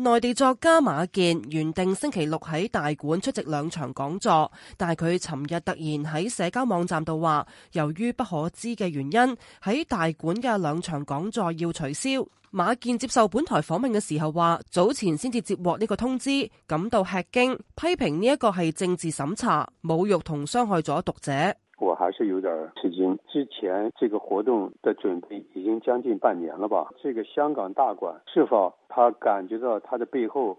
內地作家馬建原定星期六喺大館出席兩場講座，但係佢尋日突然喺社交網站度話，由於不可知嘅原因，喺大館嘅兩場講座要取消。馬建接受本台訪問嘅時候話，早前先至接獲呢個通知，感到吃驚，批評呢一個係政治審查，侮辱同傷害咗讀者。我還是有點吃驚，之前這個活動的準備已經將近半年了吧？這個香港大館是否他感覺到他的背後？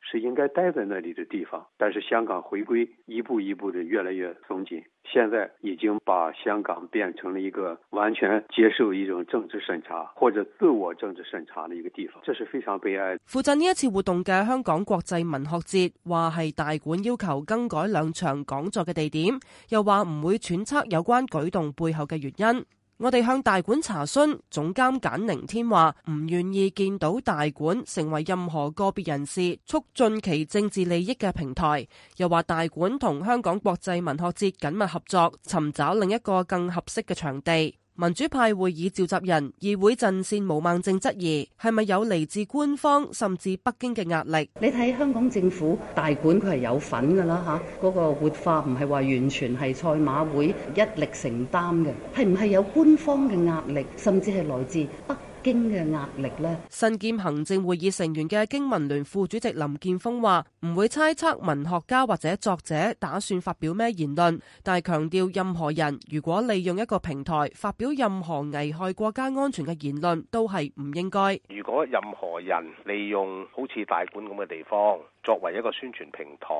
是應該待在那裏的地方，但是香港回歸一步一步的越來越鬆緊，現在已經把香港變成了一個完全接受一種政治審查或者自我政治審查的一個地方，這是非常悲哀的。負責呢一次活動嘅香港國際文學節，話係大館要求更改兩場講座嘅地點，又話唔會揣測有關舉動背後嘅原因。我哋向大館查詢，總監簡寧天話唔願意見到大館成為任何個別人士促進其政治利益嘅平台，又話大館同香港國際文學節緊密合作，尋找另一個更合適嘅場地。民主派會議召集人議會陣線毛孟靜質疑：係咪有嚟自官方甚至北京嘅壓力？你睇香港政府大館佢係有份㗎啦吓，嗰、啊嗰個活化唔係話完全係賽馬會一力承擔嘅，係唔係有官方嘅壓力，甚至係來自北經嘅壓力咧，身兼行政會議成員嘅經民聯副主席林健鋒話：唔會猜測文學家或者作者打算發表咩言論，但係強調任何人如果利用一個平台發表任何危害國家安全嘅言論，都係唔應該。如果任何人利用好似大館咁嘅地方作為一個宣傳平台，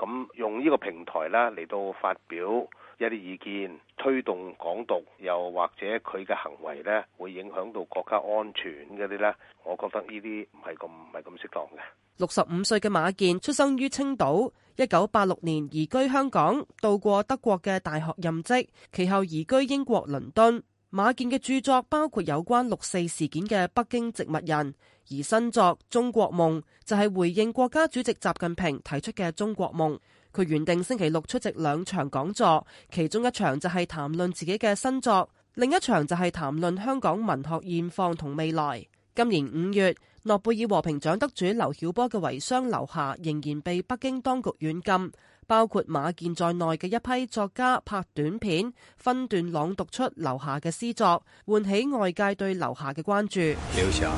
咁用呢個平台啦，嚟到發表一啲意見，推動港獨，又或者佢嘅行為呢，會影響到國家安全嗰啲咧，我覺得呢啲唔係咁唔係咁適當嘅。六十五歲嘅馬建出生於青島，一九八六年移居香港，到過德國嘅大學任職，其後移居英國倫敦。馬建嘅著作包括有關六四事件嘅《北京植物人》，而新作《中國夢》就係、是、回應國家主席習近平提出嘅《中國夢》。佢原定星期六出席兩場講座，其中一場就係談論自己嘅新作，另一場就係談論香港文學現況同未來。今年五月，諾貝爾和平獎得主劉曉波嘅遺孀劉霞仍然被北京當局軟禁。包括馬建在內嘅一批作家拍短片，分段朗讀出劉霞嘅詩作，喚起外界對劉霞嘅關注。劉霞：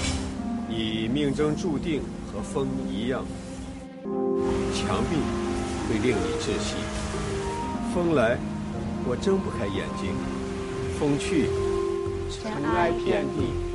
「你命中注定和風一樣，牆壁會令你窒息。風來，我睜不開眼睛；風去，塵埃遍地。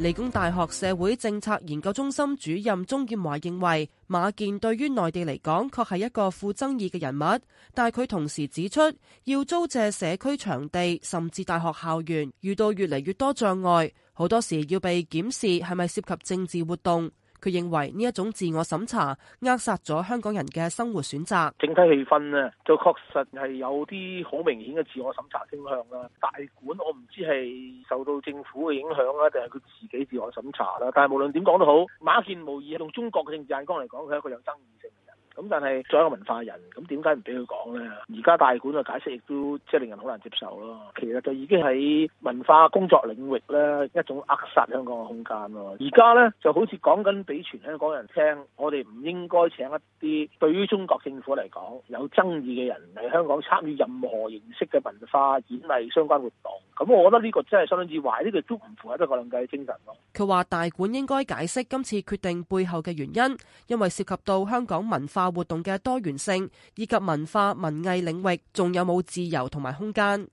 理工大學社會政策研究中心主任鍾建華認為，馬建對於內地嚟講，確係一個富爭議嘅人物。但佢同時指出，要租借社區場地甚至大學校園，遇到越嚟越多障礙，好多時要被檢視係咪涉及政治活動。佢認為呢一種自我審查扼殺咗香港人嘅生活選擇。整體氣氛呢，就確實係有啲好明顯嘅自我審查傾向啦。大館我唔知係受到政府嘅影響啦，定係佢自己自我審查啦。但係無論點講都好，馬建無疑係用中國嘅政治眼光嚟講，佢係一個有爭議性嘅。咁但係作為一個文化人，咁點解唔俾佢講呢？而家大館嘅解釋亦都即係令人好難接受咯。其實就已經喺文化工作領域咧一種扼殺香港嘅空間咯。而家呢就好似講緊俾全香港人聽，我哋唔應該請一啲對於中國政府嚟講有爭議嘅人嚟香港參與任何形式嘅文化演藝相關活動。咁我覺得呢個真係相當之壞，呢個都唔符合一個兩制精神咯。佢話大館應該解釋今次決定背後嘅原因，因為涉及到香港文化活動嘅多元性，以及文化文藝領域仲有冇自由同埋空間。